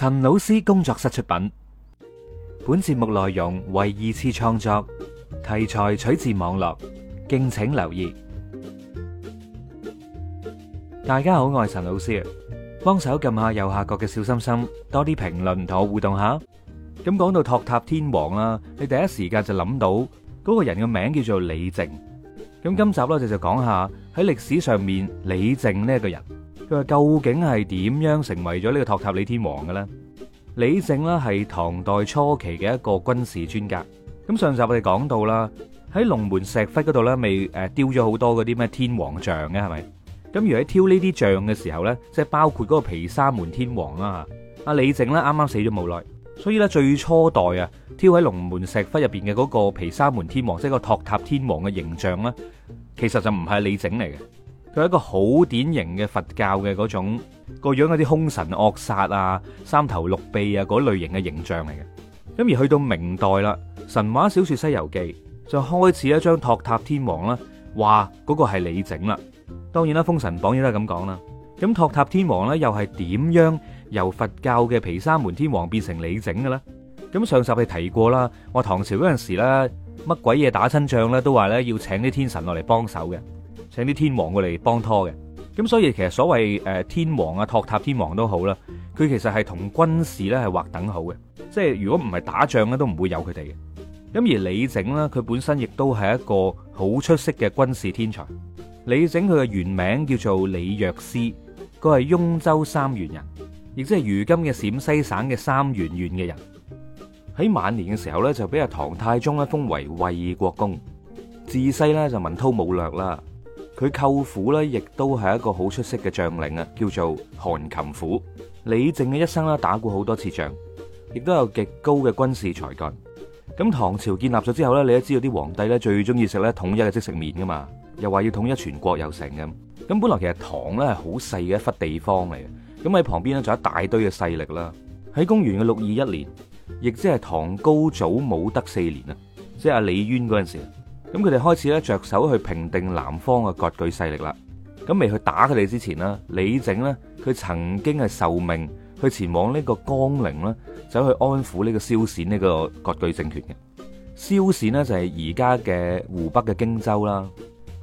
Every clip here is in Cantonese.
陳老師工作室出品，本節目內容為二次創作，題材取自網絡，敬請留意。大家好，我係陳老師啊，幫手撳下右下角嘅小心心，多啲評論同我互動下。咁講到托塔天王啦，你第一時間就諗到嗰個人嘅名叫做李靖。咁今集咧我哋就講下喺歷史上面李靖呢一個人。佢話究竟係點樣成為咗呢個托塔李天王嘅咧？李靖咧係唐代初期嘅一個軍事專家。咁上集我哋講到啦，喺龍門石窟嗰度咧，未誒雕咗好多嗰啲咩天王像嘅，係咪？咁如果喺挑呢啲像嘅時候咧，即係包括嗰個皮沙門天王啦。吓，阿李靖咧啱啱死咗冇耐，所以咧最初代啊，挑喺龍門石窟入邊嘅嗰個皮沙門天王，即係個托塔天王嘅形象咧，其實就唔係李靖嚟嘅。佢係一個好典型嘅佛教嘅嗰種個樣，嗰啲凶神惡煞啊、三頭六臂啊嗰類型嘅形象嚟嘅。咁而去到明代啦，《神話小說西遊記》就開始一張托塔天王啦，話嗰個係李靖啦。當然啦，《封神榜》亦都係咁講啦。咁托塔天王咧又係點樣由佛教嘅毗沙門天王變成李靖嘅咧？咁上集係提過啦，我唐朝嗰陣時咧，乜鬼嘢打親仗咧都話咧要請啲天神落嚟幫手嘅請啲天王過嚟幫拖嘅，咁所以其實所謂誒天王啊，托塔天王都好啦。佢其實係同軍事咧係劃等號嘅，即係如果唔係打仗咧，都唔會有佢哋嘅。咁而李靖呢，佢本身亦都係一個好出色嘅軍事天才。李靖佢嘅原名叫做李藥師，佢係雍州三原人，亦即係如今嘅陝西省嘅三原縣嘅人。喺晚年嘅時候呢，就俾阿唐太宗咧封為衛國公，自細咧就文韜武略啦。佢舅父咧，亦都係一個好出色嘅將領啊，叫做韓擒虎。李靖嘅一生咧，打過好多次仗，亦都有極高嘅軍事才幹。咁唐朝建立咗之後咧，你都知道啲皇帝咧最中意食咧統一嘅即食麵噶嘛，又話要統一全國有成咁。咁本來其實唐咧係好細嘅一忽地方嚟，咁喺旁邊咧就一大堆嘅勢力啦。喺公元嘅六二一年，亦即係唐高祖武德四年啊，即係阿李淵嗰陣時。咁佢哋開始咧着手去平定南方嘅割據勢力啦。咁未去打佢哋之前啦，李靖咧佢曾經係受命去前往呢個江陵啦，走去安撫呢個蕭銑呢個割據政權嘅。蕭銑呢，就係而家嘅湖北嘅荊州啦，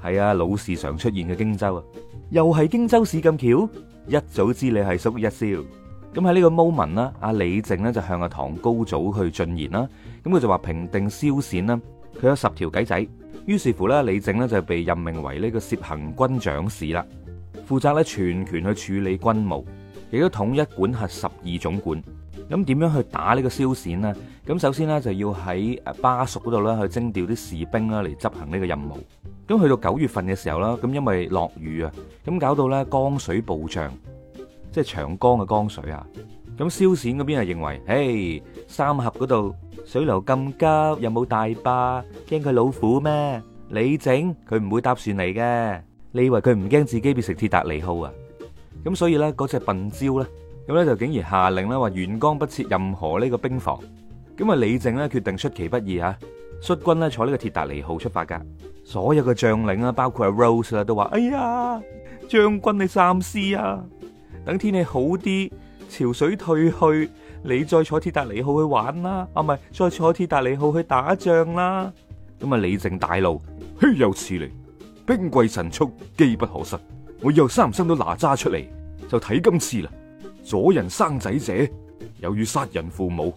係啊老是常出現嘅荊州啊，又係荊州市咁巧，一早知你係屬於一蕭。咁喺呢個 moment 啦，阿李靖呢就向阿、啊、唐高祖去進言啦。咁佢就話平定蕭銑啦。佢有十條計仔，於是乎咧，李靖咧就被任命為呢個攝行軍長史啦，負責咧全權去處理軍務，亦都統一管轄十二總管。咁點樣去打呢個蕭銑呢？咁首先呢，就要喺巴蜀嗰度咧去徵調啲士兵啦嚟執行呢個任務。咁去到九月份嘅時候啦，咁因為落雨啊，咁搞到咧江水暴漲，即係長江嘅江水啊。咁蕭銑嗰邊係認為，誒，三峽嗰度。水流咁急，又冇大壩，驚佢老虎咩？李靖佢唔會搭船嚟嘅，你以為佢唔驚自己變成鐵達尼號啊？咁所以咧，嗰隻笨招咧，咁咧就竟然下令咧話，沿江不設任何呢個兵防。咁啊，李靖咧決定出其不意啊，率軍呢坐呢個鐵達尼號出發噶。所有嘅將領啊，包括阿 rose 啊，都話：哎呀，將軍你三思啊！等天氣好啲，潮水退去。你再坐鐵達尼號去玩啦，啊唔係，再坐鐵達尼號去打仗啦。咁啊，李靖大怒，豈有此理，兵貴神速，機不可失。我以後生唔生到哪吒出嚟，就睇今次啦。阻人生仔者，猶如殺人父母。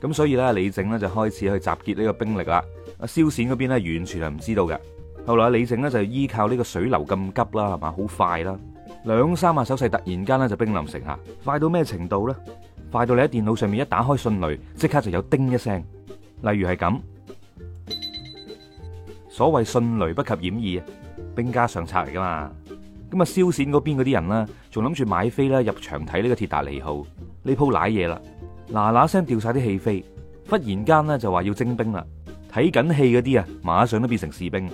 咁所以咧，李靖呢就開始去集結呢個兵力啦。阿蕭顯嗰邊呢，完全係唔知道嘅。後來李靖呢就依靠呢個水流咁急啦，係嘛，好快啦，兩三下手勢突然間呢就兵臨城下，快到咩程度咧？快到你喺電腦上面一打開迅雷，即刻就有叮一聲。例如係咁，所謂迅雷不及掩耳啊，兵家上策嚟噶嘛。咁啊，燒線嗰邊嗰啲人啦，仲諗住買飛啦，入場睇呢個鐵達尼號呢鋪瀨嘢啦，嗱嗱聲掉晒啲戲飛。忽然間咧就話要徵兵啦，睇緊戲嗰啲啊，馬上都變成士兵。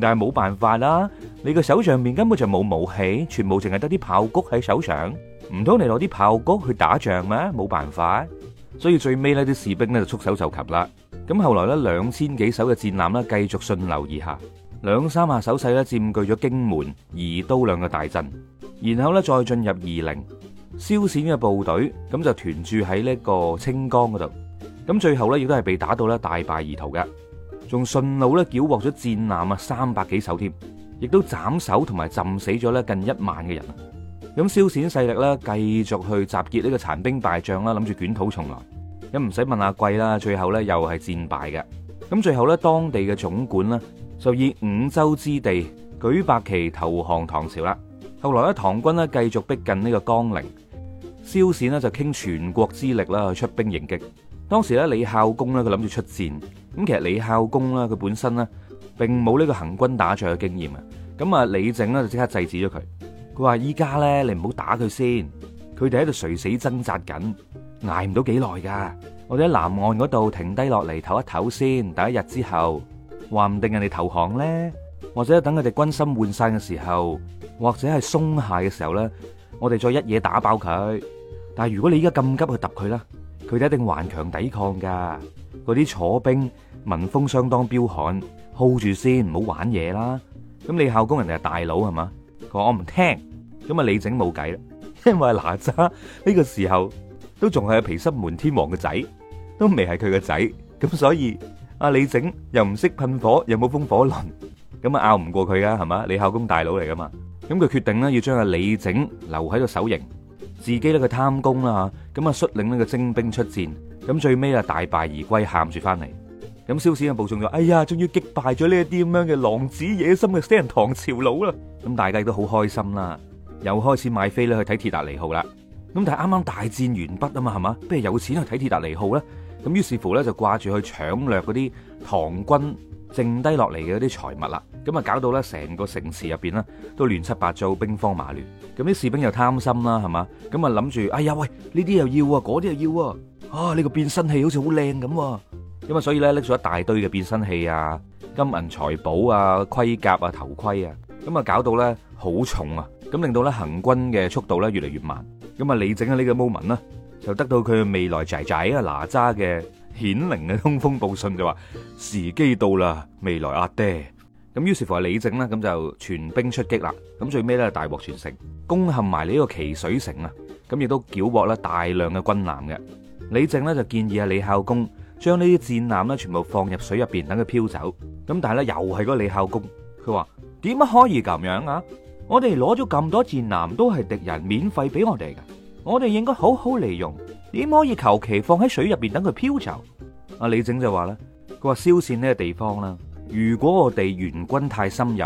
但係冇辦法啦，你個手上面根本就冇武器，全部淨係得啲炮谷喺手上。唔通你攞啲炮谷去打仗咩？冇辦法、啊，所以最尾呢啲士兵呢就束手就擒啦。咁後來呢，兩千幾艘嘅戰艦呢繼續順流而下，兩三下手勢呢佔據咗荊門、宜都兩個大鎮，然後呢，再進入夷陵，蕭銑嘅部隊咁就團駐喺呢個清江嗰度，咁最後呢，亦都係被打到咧大敗而逃嘅，仲順路呢，繳獲咗戰艦啊三百幾艘，添，亦都斬首同埋浸死咗呢近一萬嘅人咁蕭銑勢力啦，繼續去集結呢個殘兵敗將啦，諗住捲土重來。咁唔使問阿貴啦，最後咧又係戰敗嘅。咁最後咧，當地嘅總管咧就以五州之地舉白旗投降唐朝啦。後來咧，唐軍咧繼續逼近呢個江陵，蕭銑咧就傾全國之力啦，去出兵迎擊。當時咧，李孝公咧佢諗住出戰，咁其實李孝公咧佢本身咧並冇呢個行軍打仗嘅經驗啊。咁啊，李靖咧就即刻制止咗佢。佢話依家咧，你唔好打佢先，佢哋喺度垂死掙扎緊，挨唔到幾耐噶。我哋喺南岸嗰度停低落嚟唞一唞先，第一日之後，話唔定人哋投降咧，或者等佢哋軍心渙散嘅時候，或者係鬆懈嘅時候咧，我哋再一嘢打爆佢。但係如果你依家咁急去揼佢啦，佢哋一定頑強抵抗噶。嗰啲楚兵民風相當彪悍，hold 住先，唔好玩嘢啦。咁李孝恭人哋係大佬係嘛？佢話我唔聽。咁啊，李靖冇計啦，因為哪吒呢個時候都仲係皮濕門天王嘅仔，都未係佢嘅仔，咁所以阿李靖又唔識噴火，又冇風火輪，咁啊，拗唔過佢噶係嘛？李孝恭大佬嚟噶嘛，咁佢決定咧要將阿李靖留喺度守營，自己咧佢貪功啦吓，咁啊，率領呢個精兵出戰，咁最尾啊大敗而歸，喊住翻嚟，咁消息啊報中咗，哎呀終於擊敗咗呢一啲咁樣嘅狼子野心嘅死人唐朝佬啦，咁大家亦都好開心啦。又開始買飛咧，去睇鐵達尼號啦。咁但係啱啱大戰完畢啊嘛，係嘛，不如有錢去睇鐵達尼號啦。咁於是乎咧，就掛住去搶掠嗰啲唐軍剩低落嚟嘅嗰啲財物啦。咁啊，搞到咧成個城市入邊咧都亂七八糟，兵荒馬亂。咁啲士兵又貪心啦，係嘛，咁啊諗住哎呀喂，呢啲又要啊，嗰啲又要啊。啊，呢個變身器好似好靚咁，咁啊所以咧拎咗一大堆嘅變身器啊、金銀財寶啊、盔甲啊、頭盔啊，咁啊搞到咧好重啊。咁令到咧行軍嘅速度咧越嚟越慢。咁啊，李靖啊呢個 moment 啦，就得到佢未來仔仔啊哪吒嘅顯靈嘅通風報信，就話時機到啦，未來阿爹。咁於是乎係李靖啦，咁就全兵出擊啦。咁最尾咧，大獲全勝，攻陷埋呢個奇水城啊。咁亦都繳獲啦大量嘅軍艦嘅。李靖咧就建議啊李孝公將呢啲戰艦咧全部放入水入邊等佢飄走。咁但係咧又係個李孝公，佢話點可以咁樣啊？我哋攞咗咁多戰艦都係敵人免費俾我哋嘅，我哋應該好好利用，點可以求其放喺水入邊等佢漂走？阿李靖就話咧，佢話蕭銑呢個地方啦，如果我哋援軍太深入，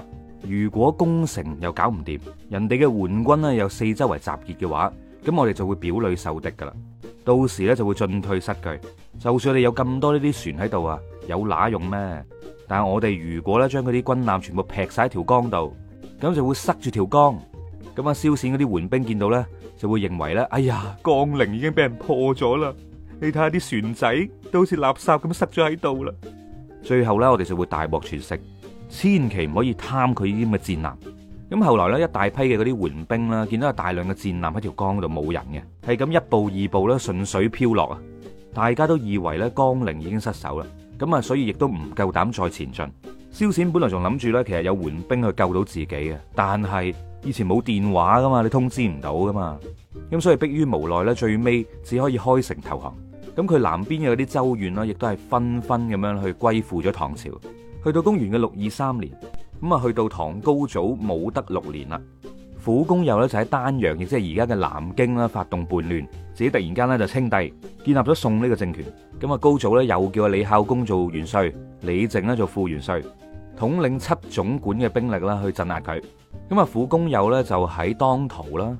如果攻城又搞唔掂，人哋嘅援軍呢有四周圍集結嘅話，咁我哋就會表裏受敵噶啦，到時呢就會進退失據。就算你有咁多呢啲船喺度啊，有乸用咩？但係我哋如果呢將嗰啲軍艦全部劈晒喺條江度。咁就會塞住條江，咁啊蕭線嗰啲援兵見到咧，就會認為咧，哎呀，江陵已經俾人破咗啦！你睇下啲船仔都好似垃圾咁塞咗喺度啦。最後咧，我哋就會大獲全勝，千祈唔可以貪佢呢啲咁嘅戰艦。咁後來咧，一大批嘅嗰啲援兵啦，見到大量嘅戰艦喺條江度冇人嘅，係咁一步二步咧順水飄落啊！大家都以為咧江陵已經失守啦，咁啊所以亦都唔夠膽再前進。蕭銑本來仲諗住咧，其實有援兵去救到自己嘅，但係以前冇電話噶嘛，你通知唔到噶嘛，咁所以迫於無奈咧，最尾只可以開城投降。咁佢南邊嘅嗰啲州縣呢，亦都係紛紛咁樣去歸附咗唐朝。去到公元嘅六二三年，咁啊去到唐高祖武德六年啦。府公友咧就喺丹陽，亦即係而家嘅南京啦，發動叛亂，自己突然間咧就稱帝，建立咗宋呢個政權。咁啊，高祖咧又叫阿李孝恭做元帥，李靖呢做副元帥，統領七總管嘅兵力啦去鎮壓佢。咁啊，府公友呢就喺當塗啦，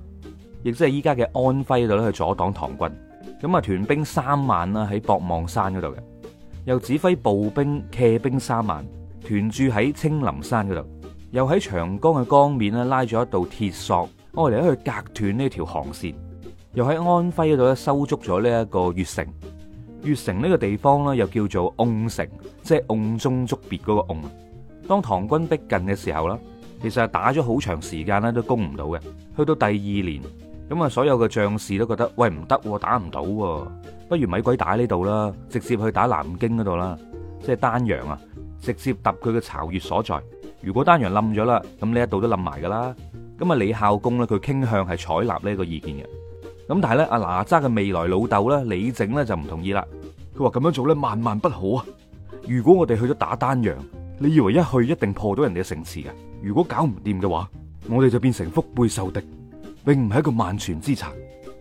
亦即係依家嘅安徽度咧去阻擋唐軍。咁啊，屯兵三萬啦喺博望山嗰度嘅，又指揮步兵、騎兵三萬，屯駐喺青林山嗰度。又喺長江嘅江面咧拉咗一道鐵索，我哋嚟去隔斷呢條航線。又喺安徽嗰度咧修築咗呢一個月城。月城呢個地方咧又叫做瓮城，即係瓮中捉鱉嗰、那個瓮。當唐軍逼近嘅時候啦，其實係打咗好長時間咧都攻唔到嘅。去到第二年咁啊，所有嘅將士都覺得喂，唔得，打唔到，不如咪鬼打呢度啦，直接去打南京嗰度啦，即係丹陽啊，直接揼佢嘅巢穴所在。如果丹陽冧咗啦，咁呢一度都冧埋噶啦。咁啊，李孝公咧，佢傾向係採納呢個意見嘅。咁但係咧，阿哪吒嘅未來老豆咧，李靖咧就唔同意啦。佢話咁樣做咧萬萬不好啊！如果我哋去咗打丹陽，你以為一去一定破咗人哋嘅城池嘅？如果搞唔掂嘅話，我哋就變成腹背受敵，並唔係一個萬全之策。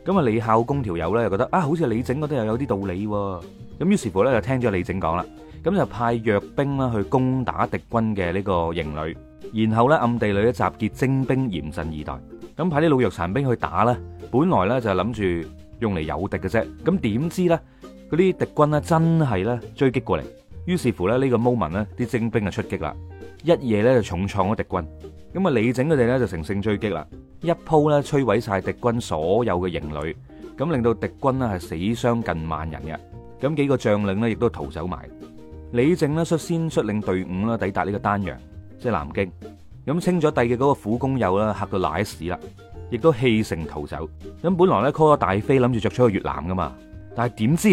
咁啊，李孝公條友咧又覺得啊，好似李靖覺得又有啲道理，啊。咁於是乎咧，就聽咗李靖講啦。咁就派弱兵啦，去攻打敵軍嘅呢個營壘，然後咧暗地裏咧集結精兵嚴陣以待。咁派啲老弱殘兵去打咧，本來咧就係諗住用嚟誘敵嘅啫。咁點知咧，嗰啲敵軍咧真係咧追擊過嚟。於是乎咧，呢個 moment 呢啲精兵就出擊啦，一夜咧就重創咗敵軍。咁啊，李靖佢哋咧就乘勝追擊啦，一鋪咧摧毀晒敵軍所有嘅營壘，咁令到敵軍咧係死傷近萬人嘅。咁幾個將領咧亦都逃走埋。李靖咧率先率領隊伍啦，抵達呢個丹陽，即係南京，咁清咗帝嘅嗰個苦工友啦嚇到賴屎啦，亦都棄城逃走。咁本來咧 call 大飛諗住着出去越南噶嘛，但係點知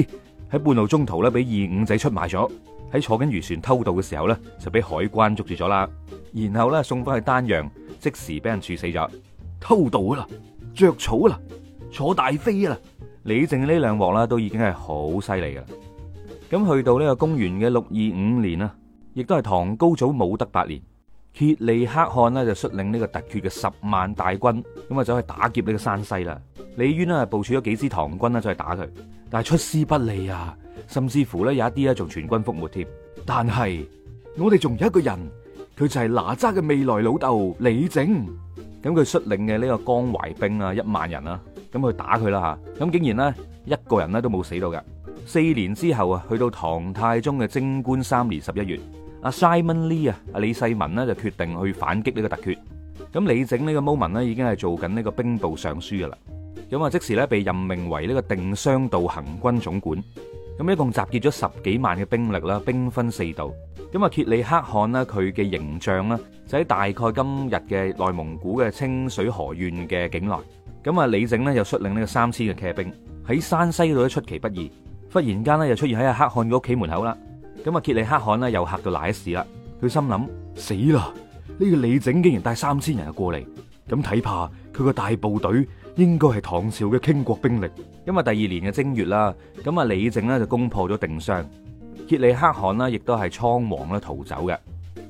喺半路中途咧俾二五仔出賣咗，喺坐緊漁船偷渡嘅時候咧就俾海關捉住咗啦，然後咧送翻去丹陽，即時俾人處死咗。偷渡啦，著草啦，坐大飛啦，李靖呢兩鑊啦都已經係好犀利嘅。咁去到呢個公元嘅六二五年啊，亦都係唐高祖武德八年，頡利可汗咧就率領呢個突厥嘅十萬大軍咁啊走去打劫呢個山西啦。李淵咧部署咗幾支唐軍咧，就去打佢，但係出師不利啊，甚至乎咧有一啲咧仲全軍覆沒添。但係我哋仲有一個人，佢就係哪吒嘅未來老豆李靖，咁佢率領嘅呢個江淮兵啊一萬人啊，咁去打佢啦吓，咁竟然咧一個人咧都冇死到㗎。四年之後啊，去到唐太宗嘅貞觀三年十一月，阿 Simon Lee 啊，阿李世民咧就決定去反擊呢個突厥。咁李靖呢個 moment 咧已經係做緊呢個兵部尚書噶啦。咁啊，即時咧被任命為呢個定襄道行軍總管。咁一共集結咗十幾萬嘅兵力啦，兵分四道。咁啊，頡利可汗呢，佢嘅營帳呢，就喺大概今日嘅內蒙古嘅清水河縣嘅境內。咁啊，李靖呢又率領呢個三千嘅騎兵喺山西度咧出其不意。忽然間咧，又出現喺阿黑漢嘅屋企門口啦。咁啊，傑里克漢咧又嚇到瀨屎啦。佢心諗：死啦！呢個李靖竟然帶三千人過嚟，咁睇怕佢個大部隊應該係唐朝嘅傾國兵力，因為，第二年嘅正月啦，咁啊，李靖咧就攻破咗定襄。傑里克漢咧亦都係倉皇咧逃走嘅。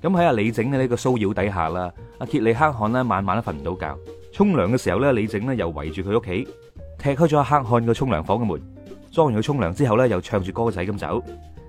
咁喺阿李靖嘅呢個騷擾底下啦，阿傑里克漢咧晚晚都瞓唔到覺。沖涼嘅時候咧，李靖咧又圍住佢屋企，踢開咗阿黑漢嘅沖涼房嘅門。裝完去沖涼之後咧，又唱住歌仔咁走，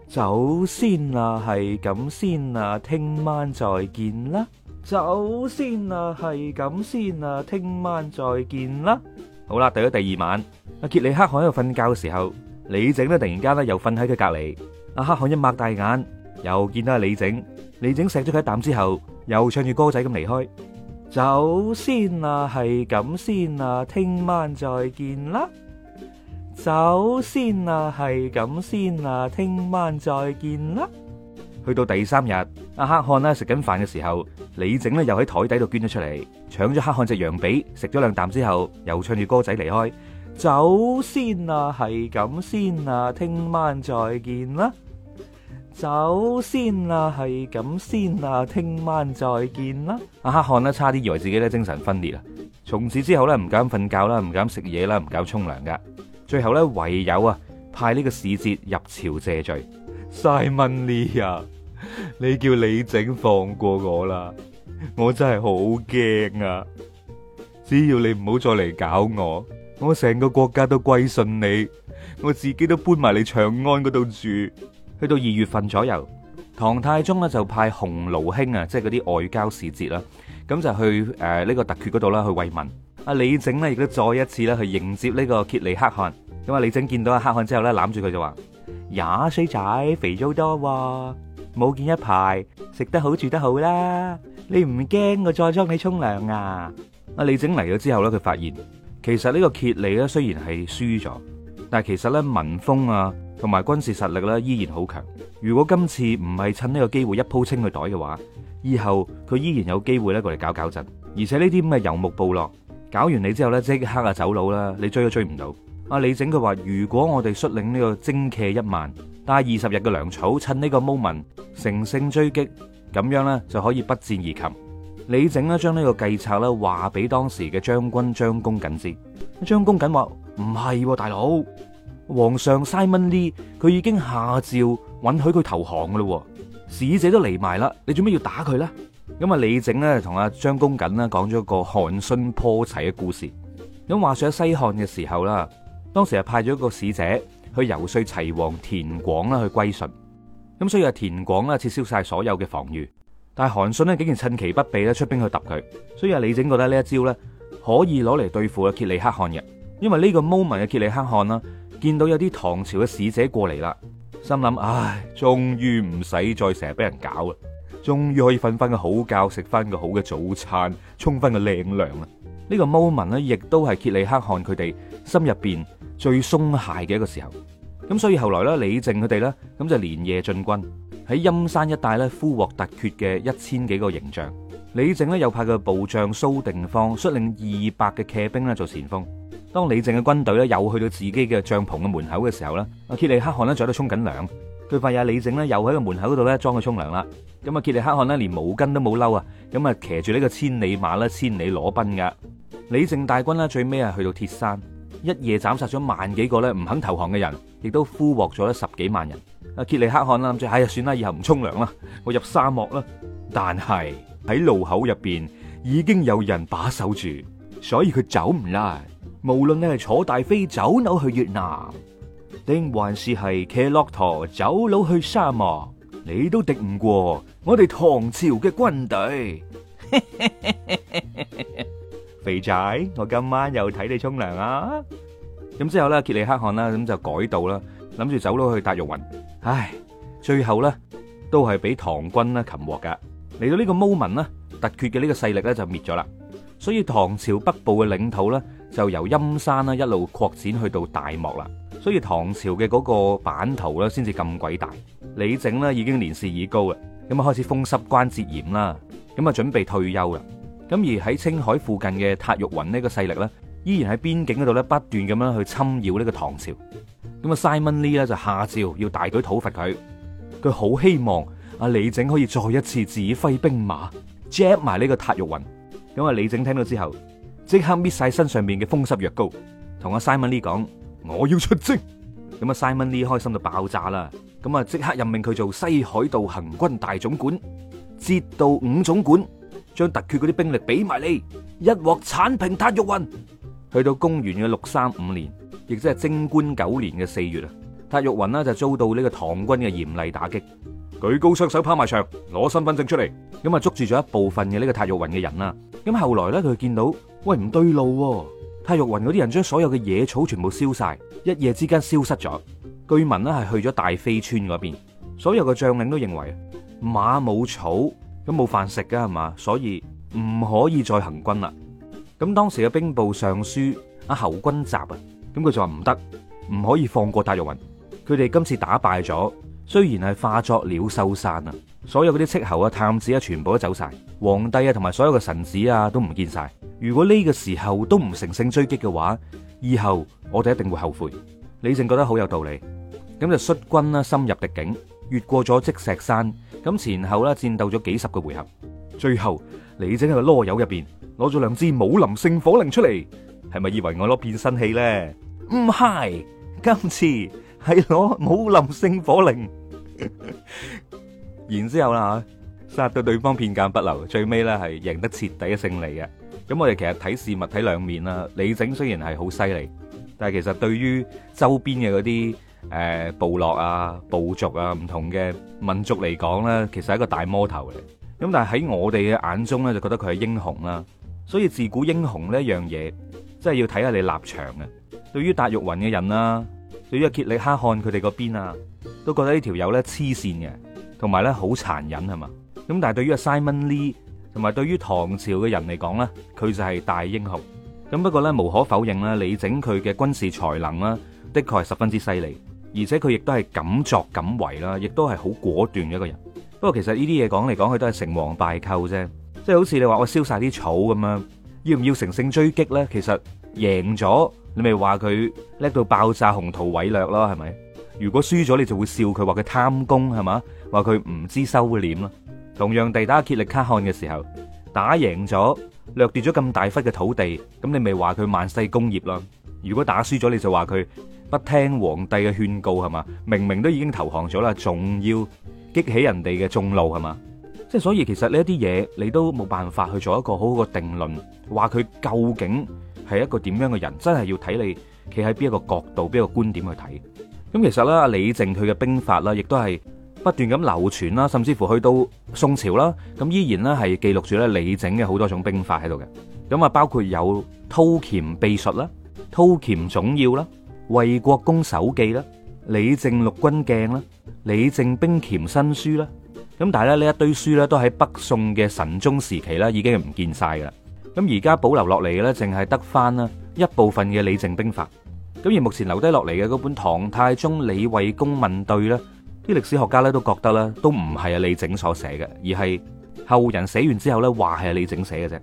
走先啦，係咁先啦，聽晚再見啦，走先啦，係咁先啦，聽晚再見啦。好啦，到咗第二晚，阿杰里克汗喺度瞓覺嘅時候，李靖咧突然間咧又瞓喺佢隔籬，阿黑汗一擘大眼又見到阿李靖，李靖錫咗佢一啖之後，又唱住歌仔咁離開，走先啦，係咁先啦，聽晚再見啦。走先啦、啊，係咁先啦、啊，聽晚再見啦。去到第三日，阿黑漢呢食緊飯嘅時候，李靖呢又喺台底度捐咗出嚟，搶咗黑漢隻羊髀，食咗兩啖之後，又唱住歌仔離開走、啊啊。走先啦、啊，係咁先啦、啊，聽晚再見啦。走先啦，係咁先啦，聽晚再見啦。阿黑漢呢差啲以為自己咧精神分裂啊。從此之後呢，唔敢瞓覺啦，唔敢食嘢啦，唔敢沖涼噶。最後咧，唯有啊派呢個使節入朝謝罪。Simon Lee 啊，你叫李靖放過我啦，我真係好驚啊！只要你唔好再嚟搞我，我成個國家都歸順你，我自己都搬埋你長安嗰度住。去到二月份左右，唐太宗咧就派鴻臚卿啊，即係嗰啲外交使節啦，咁就去誒呢、呃這個突厥嗰度啦去慰問。阿李靖咧，亦都再一次咧去迎接呢個頡利可汗。咁啊，李靖見到阿可汗之後咧，攬住佢就話：也衰仔，肥咗好多喎，冇見一排食得，得好，住得好啦。你唔驚我再捉你沖涼啊？阿李靖嚟咗之後咧，佢發現其實呢個頡利咧，雖然係輸咗，但係其實咧民風啊，同埋軍事實力咧依然好強。如果今次唔係趁呢個機會一鋪清佢袋嘅話，以後佢依然有機會咧過嚟搞搞震。而且呢啲咁嘅游牧部落，搞完你之後咧，即刻就走佬啦！你追都追唔到。阿李靖佢話：如果我哋率領呢個精騎一萬，帶二十日嘅糧草，趁呢個 moment 乘勝追擊，咁樣咧就可以不戰而擒。李靖咧將呢個計策咧話俾當時嘅將軍張公瑾知。張公瑾話：唔係、啊，大佬，皇上 Simon Lee 佢已經下詔允許佢投降噶啦，使者都嚟埋啦，你做咩要打佢咧？咁啊，李靖咧同阿張公瑾呢，講咗個韓信破齊嘅故事。咁話說喺西漢嘅時候啦，當時係派咗一個使者去遊說齊王田廣啦去歸順。咁所以啊，田廣呢，撤銷晒所有嘅防禦，但係韓信呢，竟然趁其不備咧出兵去揼佢。所以啊，李靖覺得呢一招呢，可以攞嚟對付阿頡利可汗嘅，因為呢個 moment 嘅頡利可汗啦，見到有啲唐朝嘅使者過嚟啦，心諗唉，終於唔使再成日俾人搞啦。終於可以瞓翻個好覺，食翻個好嘅早餐，沖翻個靚涼啊！呢個 moment 咧，亦都係傑里克汗佢哋心入邊最鬆懈嘅一個時候。咁所以後來呢，李靖佢哋呢，咁就連夜進軍喺陰山一帶呢，俘獲突厥嘅一千幾個營帳。李靖呢，又派個部將蘇定方率領二百嘅騎兵呢，做前鋒。當李靖嘅軍隊呢，又去到自己嘅帳篷嘅門口嘅時候呢，阿傑里克汗呢，就喺度沖緊涼。佢發現阿李靖咧又喺個門口度咧裝去沖涼啦，咁啊，傑尼克汗咧連毛巾都冇嬲啊，咁啊騎住呢個千里馬咧千里裸奔噶，李靖大軍咧最尾啊去到鐵山，一夜斬殺咗萬幾個咧唔肯投降嘅人，亦都俘獲咗十幾萬人。阿傑尼克汗啦諗住，哎呀，算啦，以後唔沖涼啦，我入沙漠啦。但係喺路口入邊已經有人把守住，所以佢走唔啦。無論你係坐大飛走，扭去越南。定還是係騎駱駝走佬去沙漠，你都敵唔過我哋唐朝嘅軍隊。肥仔，我今晚又睇你沖涼啊！咁之後咧，頡利可汗啦，咁就改道啦，諗住走佬去達玉云。唉，最後咧都係俾唐軍啦擒獲噶。嚟到呢個 moment 啦，突厥嘅呢個勢力咧就滅咗啦，所以唐朝北部嘅領土咧就由陰山啦一路擴展去到大漠啦。所以唐朝嘅嗰個版圖咧，先至咁鬼大。李靖呢已經年事已高啦，咁啊開始風濕關節炎啦，咁啊準備退休啦。咁而喺青海附近嘅塔玉云呢個勢力呢，依然喺邊境嗰度咧不斷咁樣去侵擾呢個唐朝。咁啊，Simon Lee 呢就下詔要大舉討伐佢，佢好希望阿李靖可以再一次指揮兵馬，夾埋呢個塔玉云。咁啊，李靖聽到之後，即刻搣晒身上面嘅風濕藥膏，同阿 Simon Lee 講。我要出征，咁啊，Simon Lee 開心就爆炸啦！咁啊，即刻任命佢做西海道行軍大總管，接到五總管將突厥嗰啲兵力俾埋你，一鑊鏟平塔玉云。去到公元嘅六三五年，亦即係貞觀九年嘅四月啊，塔玉云呢就遭到呢個唐軍嘅嚴厲打擊，舉高雙手拋埋牆，攞身份證出嚟，咁啊捉住咗一部分嘅呢個塔玉云嘅人啊，咁後來咧佢見到喂唔對路。太玉雲嗰啲人將所有嘅野草全部燒晒，一夜之間消失咗。據聞咧係去咗大非川嗰邊，所有嘅將領都認為馬冇草，咁冇飯食噶係嘛，所以唔可以再行軍啦。咁當時嘅兵部尚書阿侯君集啊，咁佢就話唔得，唔可以放過太玉雲。佢哋今次打敗咗，雖然係化作鳥獸散啊，所有嗰啲斥候啊、探子啊，全部都走晒，皇帝啊同埋所有嘅臣子啊都唔見晒。如果呢個時候都唔乘勝追擊嘅話，以後我哋一定會後悔。李靖覺得好有道理，咁就率軍啦，深入敵境，越過咗積石山，咁前後啦戰鬥咗幾十個回合，最後李靖喺個籮柚入邊攞咗兩支武林聖火令出嚟，係咪以為我攞變身器咧？唔係，今次係攞武林聖火令。然之後啦吓，殺到對方片甲不留，最尾咧係贏得徹底嘅勝利啊！咁我哋其實睇事物睇兩面啦。李靖雖然係好犀利，但係其實對於周邊嘅嗰啲誒部落啊、部族啊、唔同嘅民族嚟講咧，其實係一個大魔頭嚟。咁但係喺我哋嘅眼中咧，就覺得佢係英雄啦。所以自古英雄呢一樣嘢，真係要睇下你立場嘅。對於達玉雲嘅人啦、啊，對於阿頡利可汗佢哋嗰邊啊，都覺得呢條友咧黐線嘅，同埋咧好殘忍係嘛。咁但係對於阿 Simon Lee。同埋對於唐朝嘅人嚟講呢，佢就係大英雄。咁不過呢，無可否認啦，李靖佢嘅軍事才能啦，的確係十分之犀利。而且佢亦都係敢作敢為啦，亦都係好果斷嘅一個人。不過其實呢啲嘢講嚟講去都係成王敗寇啫。即係好似你話我燒晒啲草咁樣，要唔要乘勝追擊呢？其實贏咗你咪話佢叻到爆炸紅偉略，宏圖偉略咯，係咪？如果輸咗你就會笑佢話佢貪功係嘛，話佢唔知收斂啦。同樣地打頡利可汗嘅時候，打贏咗掠奪咗咁大忽嘅土地，咁你咪話佢萬世功業咯？如果打輸咗，你就話佢不聽皇帝嘅勸告係嘛？明明都已經投降咗啦，仲要激起人哋嘅眾怒係嘛？即係所以其實呢一啲嘢你都冇辦法去做一個好好嘅定論，話佢究竟係一個點樣嘅人？真係要睇你企喺邊一個角度、邊一個觀點去睇。咁其實咧，李靖佢嘅兵法啦，亦都係，不斷咁流傳啦，甚至乎去到宋朝啦，咁依然咧係記錄住咧李靖嘅好多種兵法喺度嘅，咁啊包括有《韜鈐祕術》啦，《韜鈐總要》啦，《衛國公手記》啦，《李靖六軍鏡》啦，《李靖兵鈐新書》啦，咁但係咧呢一堆書咧都喺北宋嘅神宗時期咧已經係唔見晒㗎喇，咁而家保留落嚟嘅咧淨係得返啦一部分嘅李靖兵法，咁而目前留低落嚟嘅嗰本唐太宗李衛公問對咧，啲歷史學家咧都覺得咧，都唔係啊李靖所寫嘅，而係後人寫完之後咧話係李靖寫嘅啫。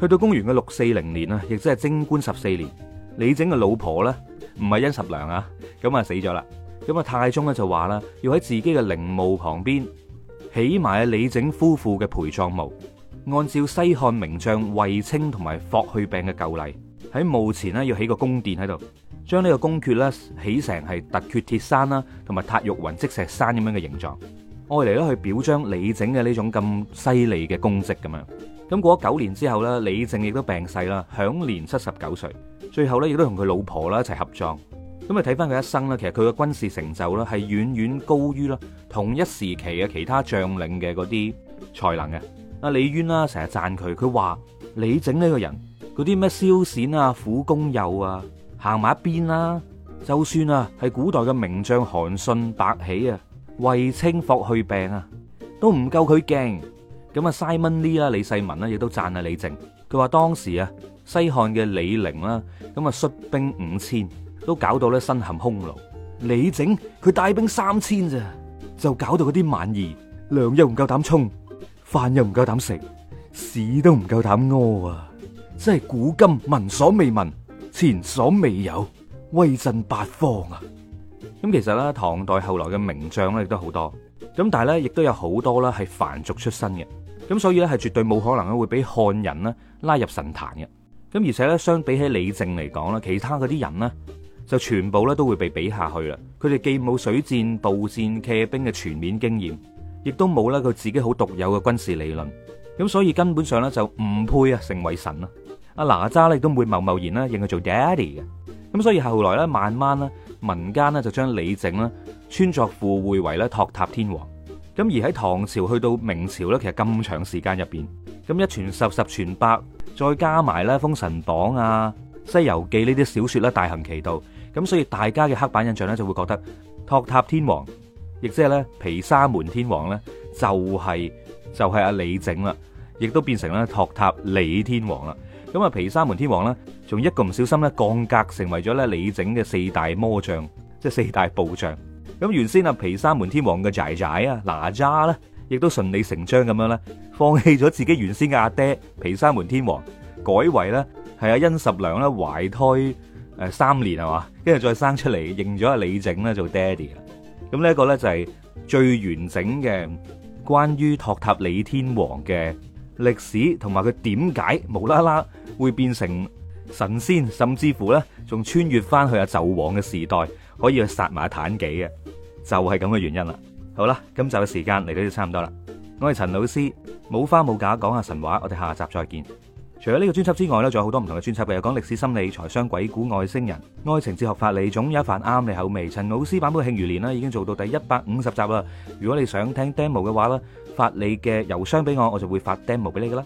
去到公元嘅六四零年啦，亦即係貞觀十四年，李靖嘅老婆咧唔係殷十娘啊，咁啊死咗啦。咁啊太宗咧就話啦，要喺自己嘅陵墓旁邊起埋啊李靖夫婦嘅陪葬墓，按照西漢名將衛青同埋霍去病嘅舊例，喺墓前呢要起個宮殿喺度。將呢個公闕咧起成係突厥鐵山啦，同埋塔玉雲積石山咁樣嘅形狀，愛嚟咧去表彰李靖嘅呢種咁犀利嘅功績咁樣。咁過咗九年之後咧，李靖亦都病逝啦，享年七十九歲。最後咧亦都同佢老婆啦一齊合葬。咁啊睇翻佢一生咧，其實佢嘅軍事成就咧係遠遠高於啦同一時期嘅其他將領嘅嗰啲才能嘅。阿李淵啦成日讚佢，佢話李靖呢個人嗰啲咩燒閃啊、苦功幼啊。行埋一邊啦，就算啊係古代嘅名將韓信、白起啊、衛青霍去病啊，都唔夠佢勁。咁啊，晒 money 啦，李世民呢亦都讚啊李靖。佢話當時啊西漢嘅李陵啦，咁啊率兵五千都搞到咧身陷匈奴。李靖佢帶兵三千咋，就搞到嗰啲蠻夷糧又唔夠膽沖，飯又唔夠膽食，屎都唔夠膽屙啊！真係古今聞所未聞。前所未有，威震八方啊！咁其實呢，唐代後來嘅名將咧，亦都好多。咁但係咧，亦都有好多啦係凡族出身嘅。咁所以咧，係絕對冇可能咧會俾漢人呢拉入神壇嘅。咁而且咧，相比起李靖嚟講啦，其他嗰啲人呢，就全部咧都會被比下去啦。佢哋既冇水戰、步戰、騎兵嘅全面經驗，亦都冇咧佢自己好獨有嘅軍事理論。咁所以根本上咧就唔配啊成為神啦。阿哪吒咧，亦都唔會冒冒然啦，認佢做爹哋嘅。咁所以後來咧，慢慢咧，民間咧就將李靖咧穿鑿附會為咧托塔天王。咁而喺唐朝去到明朝咧，其實咁長時間入邊，咁一傳十十傳百，再加埋咧《封神榜》啊《西遊記》呢啲小説咧大行其道。咁所以大家嘅黑板印象咧就會覺得托塔天王，亦即係咧毗沙門天王咧，就係就係阿李靖啦，亦都變成咧托塔李天王啦。咁啊，皮沙門天王咧，仲一個唔小心咧，降格成為咗咧李靖嘅四大魔將，即係四大部將。咁原先啊，皮沙門天王嘅仔仔啊，哪吒咧，亦都順理成章咁樣咧，放棄咗自己原先嘅阿爹皮沙門天王，改為咧係阿殷十娘咧懷胎誒三年係嘛，跟住再生出嚟，認咗阿李靖咧做爹哋啊。咁呢一個咧就係最完整嘅關於托塔李天王嘅歷史同埋佢點解無啦啦～會變成神仙，甚至乎咧仲穿越翻去阿紂王嘅時代，可以去殺埋妲己嘅，就係咁嘅原因啦。好啦，今集嘅時間嚟到就差唔多啦。我係陳老師，冇花冇假講下神話，我哋下集再見。除咗呢個專輯之外咧，仲有好多唔同嘅專輯嘅，又講歷史、心理、財商、鬼故、外星人、愛情、哲學、法理，總有一番啱你口味。陳老師版本嘅慶餘年啦，已經做到第一百五十集啦。如果你想聽 demo 嘅話咧，發你嘅郵箱俾我，我就會發 demo 俾你噶啦。